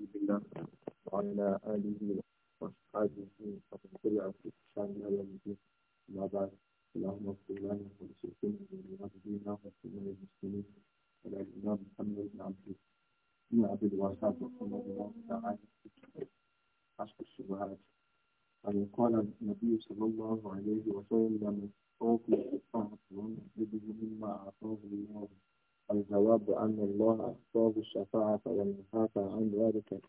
الله وعلى آله وأصحابه ومن تبعهم بإحسان إلى يوم الدين أما بعد اللهم اغفر لنا ولشيخنا ولوالدينا ولجميع المسلمين وعلى الإمام محمد بن عبد بن عبد الوهاب رحمه الله تعالى في عشر الشبهات أن قال النبي صلى الله عليه وسلم أوفي الطاعة ومحبه مما أعطاه الله الجواب أن الله أعطاه الشفاعة والنفاة ذلك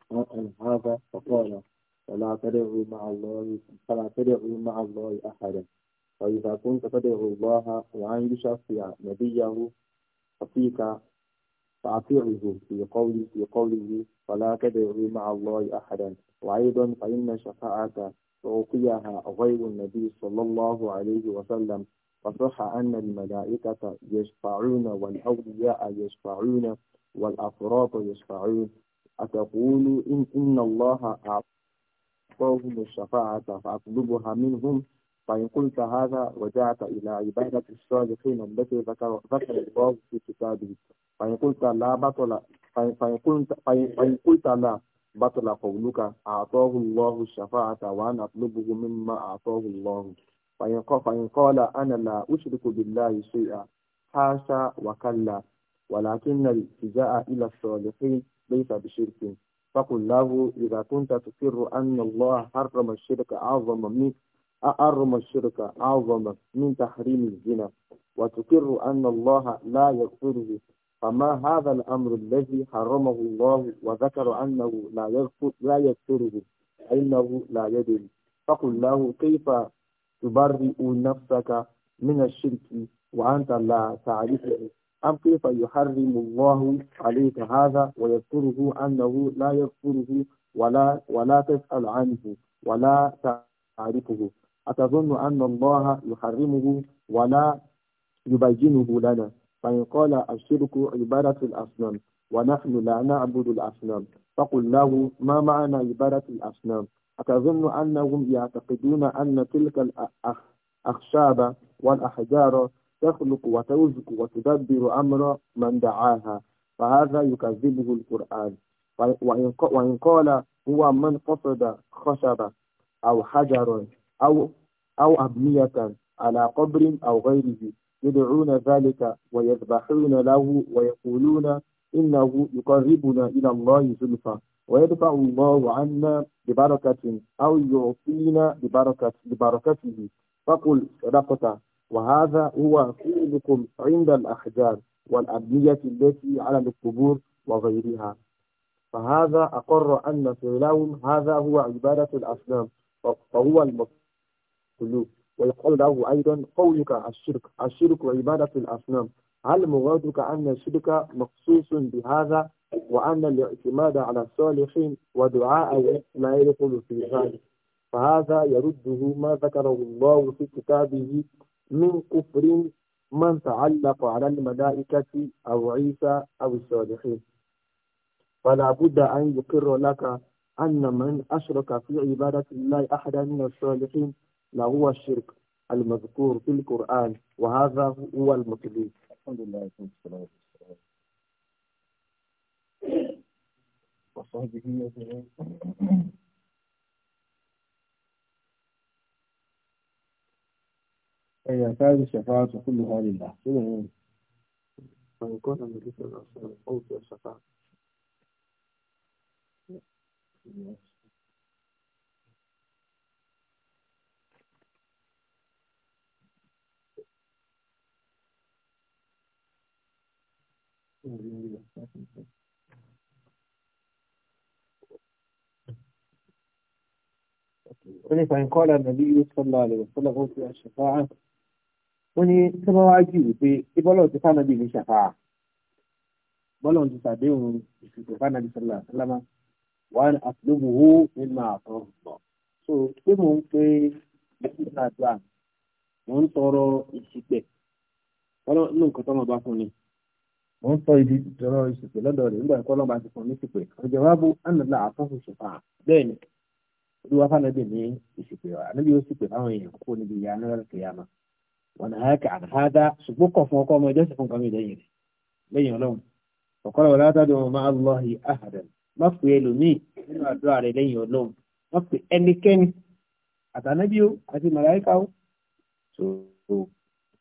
هذا فقال فلا تدعوا مع الله فلا تدعوا مع الله أحدا فإذا كنت تدعو الله وأن يشفع نبيه ففيك فأطيعه في قوله في قوله فلا تدعوا مع الله أحدا وأيضا فإن شفاعة أعطيها غير النبي صلى الله عليه وسلم فصح أن الملائكة يشفعون والأولياء يشفعون والأفراط يشفعون أتقول إن, إن الله أعطاهم الشفاعة فأطلبها منهم فإن قلت هذا رجعت إلى عبادة الصالحين التي ذكر ذكر الله في كتابه فإن قلت لا بطل فإن قلت, فإن قلت لا بطل قولك أعطاه الله الشفاعة وأنا أطلبه مما أعطاه الله فإن قال أنا لا أشرك بالله شيئا حاشا وكلا ولكن الالتجاء إلى الصالحين ليس بشرك فقل له إذا كنت تقر أن الله حرم الشرك أعظم من أحرم الشرك أعظم من تحريم الزنا وتقر أن الله لا يغفره فما هذا الأمر الذي حرمه الله وذكر أنه لا يغفر لا يغفره إنه لا يدري فقل له كيف تبرئ نفسك من الشرك وأنت لا تعرفه أم كيف يحرم الله عليك هذا ويذكره أنه لا يذكره ولا ولا تسأل عنه ولا تعرفه أتظن أن الله يحرمه ولا يبينه لنا فإن قال الشرك عبارة الأصنام ونحن لا نعبد الأصنام فقل له ما معنى عبارة الأصنام أتظن أنهم يعتقدون أن تلك الأخشاب والأحجار تخلق وترزق وتدبر أمر من دعاها فهذا يكذبه القرآن وإن قال هو من قصد خشبة أو حجرا أو أو أبنية على قبر أو غيره يدعون ذلك ويذبحون له ويقولون إنه يقربنا إلى الله زلفى ويدفع الله عنا ببركة أو يعطينا ببركة ببركته فقل صدقته وهذا هو قولكم عند الأحجار والأبنية التي على القبور وغيرها فهذا أقر أن فعلهم هذا هو عبادة الأصنام فهو المخلوق ويقول له أيضا قولك الشرك الشرك عبادة الأصنام هل مرادك أن الشرك مخصوص بهذا وأن الاعتماد على الصالحين ودعاء لا يدخل في ذلك فهذا يرده ما ذكره الله في كتابه من كفر من تعلق على الملائكة أو عيسى أو الصالحين فلا بد أن يقر لك أن من أشرك في عبادة الله أحدا من الصالحين لهو الشرك المذكور في القرآن وهذا هو المطلوب الحمد لله والصلاة والسلام وصحبه أجمعين فإذا كانت الشفاعة كلها لله كده يعني فيكون النبي صلى الله عليه وسلم الشفاعة فإن قال النبي صلى الله عليه وسلم أوتي الشفاعة ó ní tí wọ́n wá jù wípé ibọ́lọ̀ ti fánàbí ní ṣàfà bọ́lọ̀ ti ṣàdéhùn ìṣètò fánàbí sọ́lá sálámà wọ́n àtìlóbù hó nínú àtọ́ bọ̀. so pé mò ń pe ìṣètò àdúrà mò ń tọrọ ìṣìpẹ̀ bọ́lọ̀ ní nǹkan tọ́mọ bá fún ni mò ń tọ ibi tọrọ ìṣìpẹ̀ lọ́dọ̀ rẹ̀ nígbà ìkọ́ lọ́ba ti fún ní ìṣìpẹ̀ ọjọ́ wa bó ànàlá àtọ́fù ṣàfà bẹ́ẹ̀ ni olúwa fánàbí ní ìṣìpẹ̀ àníbi ó ṣìpẹ̀ fáwọn èèyàn kó níbi ìyá anára kìyàmá ونهاك عن هذا سبوك فوق ما جالس فوق ما يدين لين لون وقال ولا تدعوا مع الله أحدا ما في لوني ما دعوا لين لون ما في أني كان أتنبي أتي ملائكة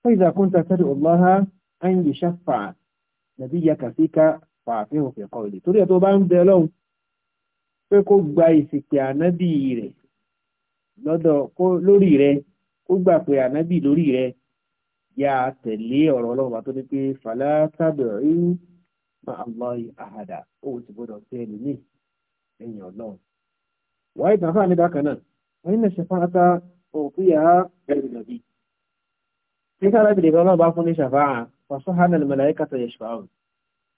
فإذا كنت تدعو الله أن يشفع نبيك فيك فاعفه في قولي تريد أن بلون pé kó gba ìsìnkè ànábì rẹ̀ lọ́dọ̀ lórí rẹ̀ kó gbà pé ànábì lórí rẹ̀ yá tẹ̀lé ọ̀rọ̀ ọlọ́run tó ní pé fàlá tábìrì máa lọ àhàdà ó ti gbọ́dọ̀ sí ẹni ní ẹ̀yìn ọlọ́run. wáyé tàfà ní bákan náà wọ́n ní ṣàfáàtà òkúyà ẹ̀rù nàbí. tí kára bìlẹ̀ bá máa bá fún ní ṣàfáà fàṣọ hànà ní màláíkà tó yẹ ṣùfàáhùn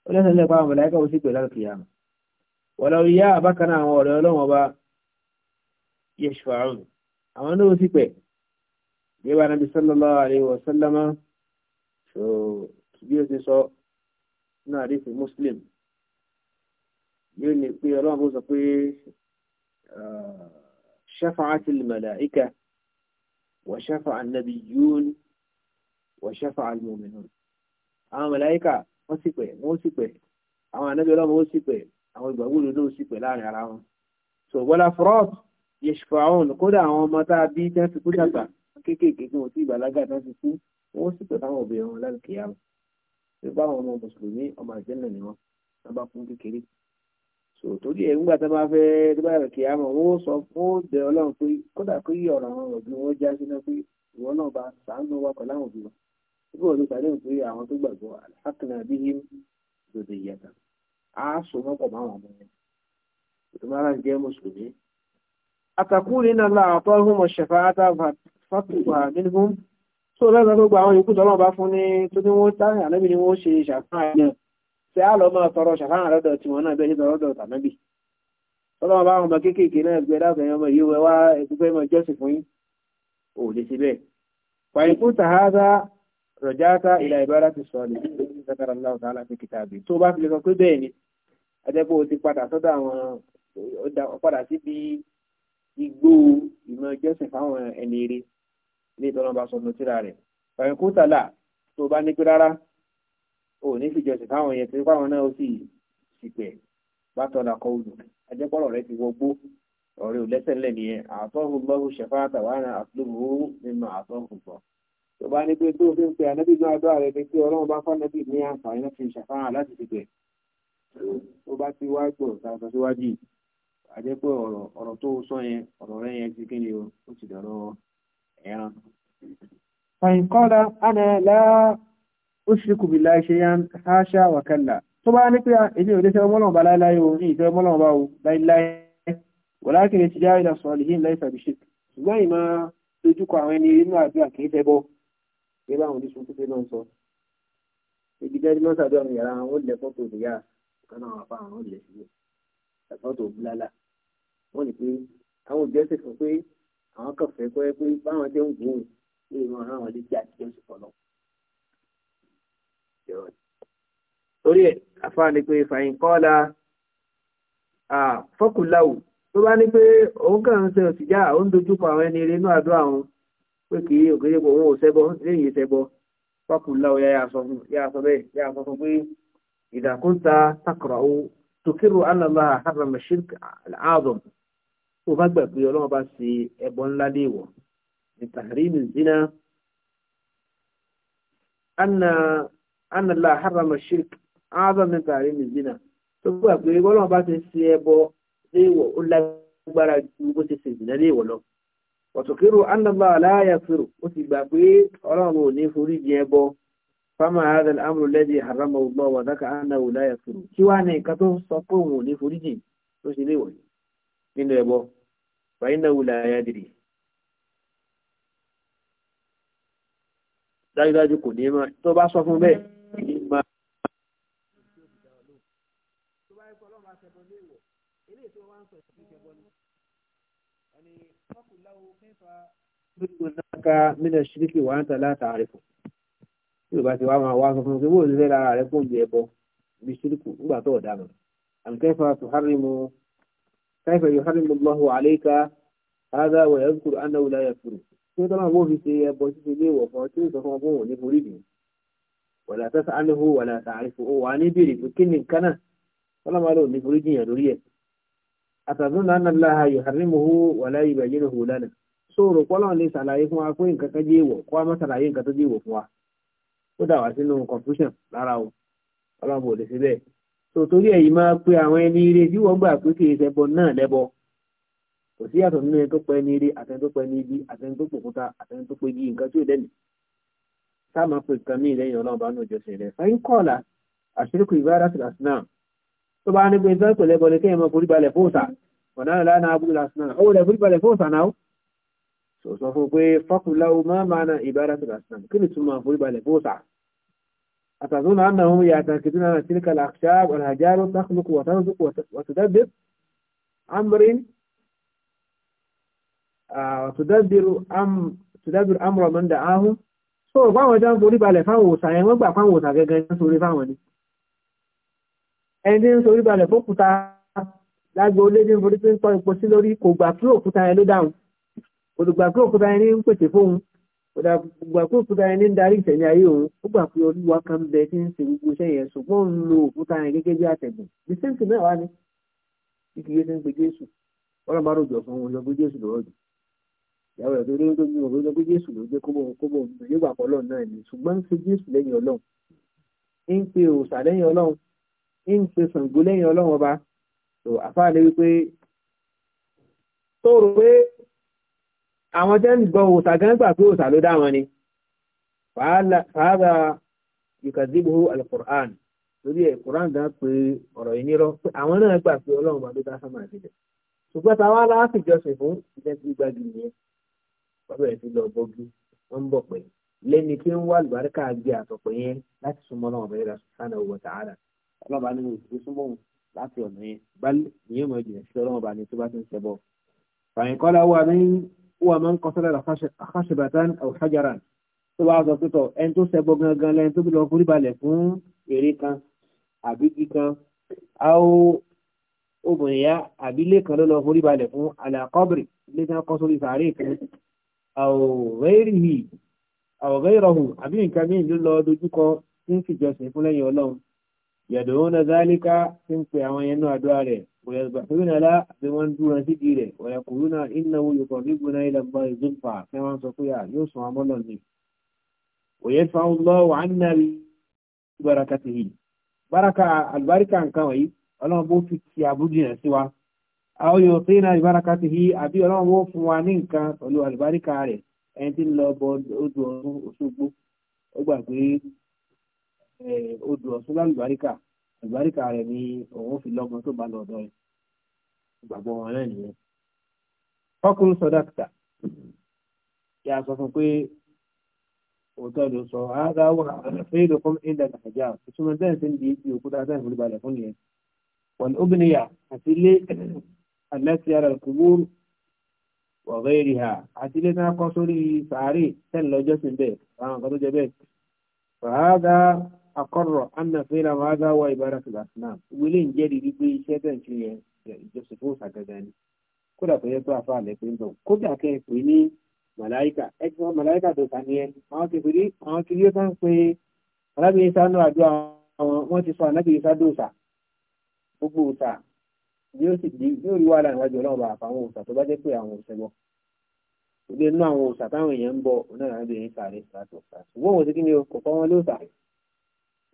ó lẹ́sẹ̀ lẹ́pa àwọn màláíkà ó sì pè lálùkì yàmù níwá nàbí sallallahu alaihi wa sallama so bí ó ti sọ náà rí fi muslim yóò ní pé ọlọ́run bó sọ pé ah, shafa'atil mala'ika wa shafa'a an-nabiyyun wa shafa'a al-mu'minun àwọn màláíkà wọ́n sì pẹ̀ wọ́n sì pẹ̀ àwọn ànábì ọlọ́run ó sì pẹ̀ àwọn ìgbàgbọ́lù ló sì pẹ̀ láàrin ara wọn so wala furat yashfa'un kódà àwọn ọmọ tá a bí tẹ́ fi kú dàgbà kéékèèké tí wọn ti ìbàlágà náà ti kú wọn sì pẹ̀lú àwọn obìnrin wọn láti kíyàmù pé báwọn ọmọ mùsùlùmí ọmọ àjẹ́nà ni wọn tá bá fún kékeré so torí ẹ̀ ńgbà tá bá fẹ́ tó bá yàrá kíyàmù wọn ó sọ fún ó bẹ ọlọ́run pé kódà pé yí ọ̀rọ̀ àwọn òbí wọn já sí náà pé ìwọ náà bá sàánú wa pẹ̀lú òbí wọn nígbà wọn ló sàdéhùn pé àwọn tó gbàgbọ́ alhakna bihim dòdò ìyàtà fásitì àdínlógún tó lẹ́gbẹ̀ẹ́ gbogbo àwọn yòókù tọ́lọ́ bá fún ní tó ní wọ́n táyà ànábì ni wọ́n ṣe ṣàfihàn náà tí a lọ máa tọrọ ṣàfihàn lọ́dọ̀ tí wọ́n náà bẹ́ẹ̀ ní tọrọ́dọ̀ tànábì tọ́lọ́ bá wọn bá kéékèèké náà gbé dáàbò ẹ̀yàn ọmọ yìí wá ẹgbẹ́ mọ jọ́sìn fún yín ò lè ṣe bẹ́ẹ̀. fàyínkù tàhádá rọ̀játa ìlà ìbára ti sọ ní zakara aláwọ̀ tààlà fi kìtàbí tó bá fi lè sọ pé bẹ́ẹ̀ ni adẹ́pọ̀ ti padà sọ́dọ̀ àwọn padà síbi igbó ìmọ̀ jọ́sìn fáwọn ẹni rí ilé ìtọ́nà bá sọ̀nù síra rẹ̀ ọ̀yìn kútàlà tó bá ní pé rárá ò ní fìjọsìn káwọn yẹn pé káwọn náà ó sì ṣìpẹ̀ bá tọ́lá kọ́ òdù ajẹ́pọ̀rọ̀ rẹ̀ ti wọgbó ọ̀rẹ́ ò lẹ́sẹ̀ ńlẹ̀ nìyẹn àtọ́hùn lọ́hùn ṣẹ̀fà àtàwárà àtúlùmọ́ nínú àtọ́hùn bọ̀ tó bá ní pé tó fi ń pe ànábì náà àdó ààrẹ ni pé ọlọ́run bá fánábì ní àǹfààní láti ṣàfáà láti ṣìpẹ̀ tó bá ti wá gbọ̀ sàtọ̀ síwájú àjẹ́pọ̀ ọ̀rọ̀ tó sọ yẹn ọ̀rọ̀ rẹ̀ yẹn ti kí ni o ó ti dọ̀rọ̀ ẹran fàyín kọ́lá ánà láà ó sì kù bí láì ṣe yá ń háṣá wà kálà tó bá ní pé èdè òde fẹ́ mọ́lọ̀ bá láíláí o ní ìfẹ́ mọ́lọ̀ bá o láíláí wà lákìrì ti jáwé lásán lè yín láì sàbíṣe ṣùgbọ́n ìmọ̀ dojúkọ àwọn ẹni inú àdúrà kì í fẹ́ bọ́ pé báwọn oníṣun tó àwọn kan fẹ́ kọ́ ẹ pé báwọn ṣe ń wò ó ní ìmọ̀ ọ̀ràn àwọn létí àti jésù fọlọ́. torí ẹ̀ afáàní pé fàyín kọ́lá fọ́kùnláwù tó bá ní pé òun kàn ń ṣe òsìjà ó ń dojúkọ àwọn ẹni eré àdúrà wọn pé kì í òkèèrè pé òun ò ṣẹbọ léyìn ṣẹbọ fọ́kùnláwù yáyà sọ bẹ́ẹ̀ yáyà sọ pé ìdàkúntà takọ̀rọ̀ òun tukiru anàlá àhàrà tó bá gbà pé ọlọ́run bá ṣe ẹbọ ńlá léèwọ̀ ní tàhírìmù zina anna anna la harama shirk azam ní tàhírìmù zina tó gbà pé ọlọ́run bá ṣe ṣe ẹbọ léèwọ̀ ó lágbára ju bó ṣe ṣe zina léèwọ̀ lọ ọ̀tùkírù anna Allah la yaghfiru ó ti gbà pé ọlọ́run ò ní forí jì ẹbọ fama hada al'amru lẹ́dí harama Allah wa dhaka annahu la yaghfiru kí wá ní nǹkan tó sọ pé òun ò ní forí jì tó ṣe léèwọ̀ nínú ẹbọ فإنه لا يدري dájúdájú kò ní máa tó bá sọ fún bẹ́ẹ̀ ní máa tó bá ẹ̀kọ́ ọlọ́run aṣẹ́bọn ní ìwọ̀ eléyìí tó wá ń sọ ìṣẹ́bí ṣẹbọn ní ẹni fọ́kùnláwó kẹfà lójú náà mínà ṣíríkì wà ń tà látàrí fún tí ò bá ti wá máa wá sọ fún pé wọ́n ò ní fẹ́ lára rẹ̀ kó ń jẹ ẹbọ bí ṣíríkù nígbà tó ọ̀daràn àǹkẹ́fà tó hárí mu كيف يحرم الله عليك هذا ويذكر أنه لا يكفر سيدنا أبو في سي أبو في سي وفاتين سوف أبو ولا تسأله ولا تعرفه وعني بيري فكين كان فلما لو نبوريدي يدوريه أتظن أن الله يحرمه ولا يبينه لنا sóòrò pọ́lọ́n lè ṣàlàyé fún wa pé nǹkan kan jẹ́ ìwọ̀ kó a má ṣàlàyé nǹkan tó jẹ́ ìwọ̀ torí ẹ̀yìn máa pe àwọn ẹni ire tí wọ́n gbà pé kìí ṣẹbọ náà lẹ́bọ kò sí yàtọ̀ nínú ẹni tó pẹ́ ní ire àtẹni tó pẹ́ ní ibi àtẹni tó pòkúta àtẹni tó pé bí nǹkan tí ò dẹ́nu sáà máa pe nǹkan ní ìlẹ́yìn ọlọ́run bá ní òjọsìn rẹ̀ fáyín kọ́ọ̀là àṣírìkù ìbáraṣì làṣínà tó bá ní pé nǹkan pẹ̀lẹ́ bọ̀ ní kéèyàn máa forí balẹ̀ fóòsà ọ̀nà ìlànà náà أتظن أنهم يعتقدون أن تلك الأخشاب والهجار تخلق وترزق وتدبر أمر وتدبر أم تدبر أمر من دعاهم so báwọn jẹ́ ń forí balẹ̀ fáwọn òsà yẹn wọ́n gbà fáwọn òsà gẹ́gẹ́ ń sorí fáwọn ni ẹni tí ń sorí balẹ̀ fókúta lágbo olé ní forí tí ń tọ́ epo sí lórí kò gbà pé òkúta yẹn ló dáhùn kò gbà pé òkúta yẹn ní ń pèsè fóun kódà gbogbo àpò òkúta yẹn ní darí ìtẹ̀lé ayé òun ó gbà pé olúwa kan bẹ tí ń ṣe gbogbo iṣẹ́ yẹn ṣùgbọ́n ń lo òkúta yẹn gẹ́gẹ́ bí àtẹ̀gùn the same thing náà wá ní ìkìyè tí ń pe jésù ọlọ́run bá rògbò fún wọn lọ pé jésù lọ́rọ̀ jù ìyàwó ẹ̀ tó lé tó ní òun lọ jésù ló jẹ́ kóbó kóbó nígbà pọ̀lọ́ náà ni ṣùgbọ́n ń pe jésù àwọn tẹ́ ń gbọ́ òòsà gan gbà pé òòsà ló dá wọn ni fàádà yùkàdìbò alukur'an lórí ẹ̀ kur'an gan pé ọ̀rọ̀ yìí nírọ́ pé àwọn náà gbà pé ọlọ́run bá ló dá sánmà sílẹ̀ ṣùgbọ́n táwa láti jọsìn fún ilẹ̀ tí gbàgì nìyẹn wọ́n bẹ̀rẹ̀ sí lọ bọ́gí wọ́n ń bọ̀ pẹ̀ lẹ́ni tí ọ̀nà yẹn bá ní ìyẹn mọ̀ sí ọlọ́run bá ní tó bá ti ń ṣẹbọ. fàyínkọ́lá wà ní wọ́n máa ń kọ́ sọ́lá àkàṣẹ̀bàtàn àwòṣàjàràn tó bá sọ pé tọ̀ ẹni tó ṣẹbọ gangan lẹ́ni tó lọ forí balẹ̀ fún èrè kan àbí igi kan àwọ obìnrin yá àbí ilé kan ló lọ forí balẹ̀ fún alàkọ́bìrì ilé kan kọ́ sórí sàárè kan àwòrẹ́rì àwòrẹ́rọ̀hù àbí nǹkan mìíràn ló lọ dojúkọ tí ń fìjọsìn fún lẹ́yìn ọlọ́run yàdùn ó na zálíkà tí ń pè àwọn ẹnu àdúrà rẹ̀ ويذبحون لا بمن دون سجيله ويقولون إنه يقربنا إلى الله زلفى كما سطيع يوسف عمل الله ويدفع الله عنا ببركته بركة البركة عن كوي الله بوفي يعبدنا سوى أو يعطينا ببركته أبي الله بوفي وانينك فلو البركة عليه أنت الله بود أدوى أسوبه أبقى أدوى سلال البركة àgbáríkà rẹ̀ ni òun fi lọ́mọ tó bá lọ ọ̀dọ́ rẹ̀ ìgbàgbọ́ wọn náà nìyẹn. ọkùnrin sọ dàkítà kí a sọ fún pé òótọ́ ló sọ ara wà fẹ́ẹ́ lọ́kọ́ ìdá nàìjà ìtumọ̀ bẹ́ẹ̀ sí ní ibi òkúta bẹ́ẹ̀ fún ìbalẹ̀ fún nìyẹn. wọn obìnrin àti ilé àlẹ́sí ara kúgbúrú wọ̀gẹ́ ìrìhà àti ilé náà kọ́ sórí sàárè tẹ́lẹ̀ bẹ́ẹ̀ àwọn kan tó jẹ bẹ́ẹ̀ akọ́rọ̀ anàfẹ́ra wàhálà wà ìbára fìlà sinam wílé ń jẹ́rìí wípé iṣẹ́ tẹ̀ ń ṣe yẹn ìjọsìn fún ìsàgàgà ni kódà kò yẹ pé afa àlẹ́ pé ń bọ̀ kódà kẹ́ ẹ pè ní màláìkà ẹ ti sọ màláìkà tó kà nìyẹn àwọn kìfìrí àwọn kìfìrí ó sàn pé alábìyẹn sánú àdúrà àwọn wọn ti sọ ànábìyẹn sá dòòsà gbogbo òòsà yóò sì di yóò rí wàhálà níwájú ọlọ́run bá àfàwọn òòsà tó bá jẹ́ pé àwọn òòsà bọ̀ ilé inú àwọn òòsà táwọn èèyàn ń bọ̀ onáàlábìyẹn sàrẹ́ sàtọ̀ sàtọ̀ wọ́n wọ́n ti kí ni kò fọ́ wọn lóòsà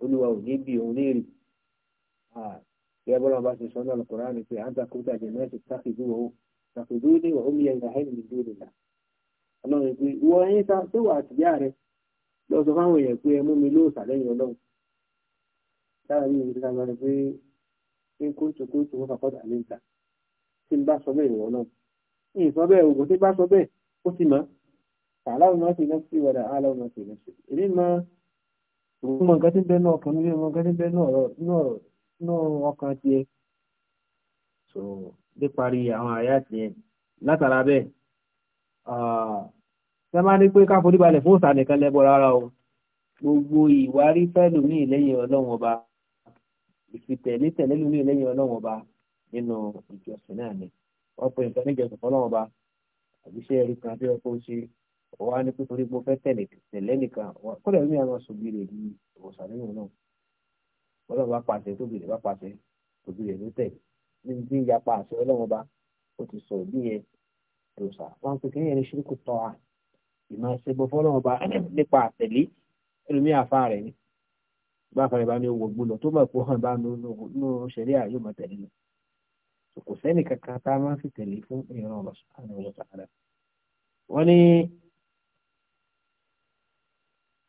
olúwa ò ní bí òun léèrè yẹ bọ́lá bá ṣe sọ́nà lọ́kùnrin àná pé àǹtà kúta jẹ mẹ́sì káfíńdú wọ́n káfíńdú ní wọ́n omi ẹ̀yà ẹ̀yìn mi dúró nìlá ọlọ́run pé ìwọ ẹ̀yìn ta tó wà àtìyá rẹ lọ sọ fáwọn èèyàn pé ẹ mú mi lóòsà lẹ́yìn ọlọ́run dára ní ìrírí kan rẹ pé pé kóńtò kóńtò wọn fàkọ́dà lè ta tí n bá sọ bẹ́ẹ̀ ìwọ náà ìsọ bẹ́ẹ̀ ogun tí bá sọ bẹ́ẹ̀ òun mọ nǹkan tí ń bẹ náà ọkàn nílé mọ nǹkan tí ń bẹ náà ọkàn tiẹ̀ so dé parí àwọn àyà tiẹ̀ látara bẹ́ẹ̀ ṣe máa ní pé ká forí balẹ̀ fún òsà nìkan lẹ́bọ̀ rárá o gbogbo ìwárí fẹ́lù ní ìlẹ́yìn ọlọ́run ọba ìfitẹ̀lé tẹ̀lẹ́lù ní ìlẹ́yìn ọlọ́run ọba nínú ìjọsìn náà ni ọ̀pọ̀ nǹkan níjọsìn fọlọ́run ọba àbíṣẹ́ ẹ̀rí kan tí ọkọ̀ ṣe wa wọ́n á ní pé torí pé ó fẹ́ tẹ̀lé tẹ̀lé nìkan kódà ẹ̀mí àwọn sòbìrì ní ìwòsàn nínú náà ọlọ́run bá pàṣẹ tóbìrì bá pàṣẹ òbìrì ló tẹ̀lé níbi tí ìyá pàṣẹ ọlọ́run bá ó ti sọ òbí yẹn ìwòsàn wọn pè kéèyàn ní ṣírí kò tọ́ a ìmọ̀ ẹsẹ̀ bọ́ fọlọ́run bá nípa àtẹ̀lé ẹlòmí àfa rẹ̀ ni bá fara bá ní owó gbólọ tó mọ̀ pé hàn bá nínú ṣẹ̀ríà yóò máa tẹ̀lé lọ kò sẹ́nì kankan tá a máa fi tẹ̀lé fún ìran ọ̀sán àwọn ọ̀sán àdá wọ́n ní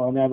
wani oh, abu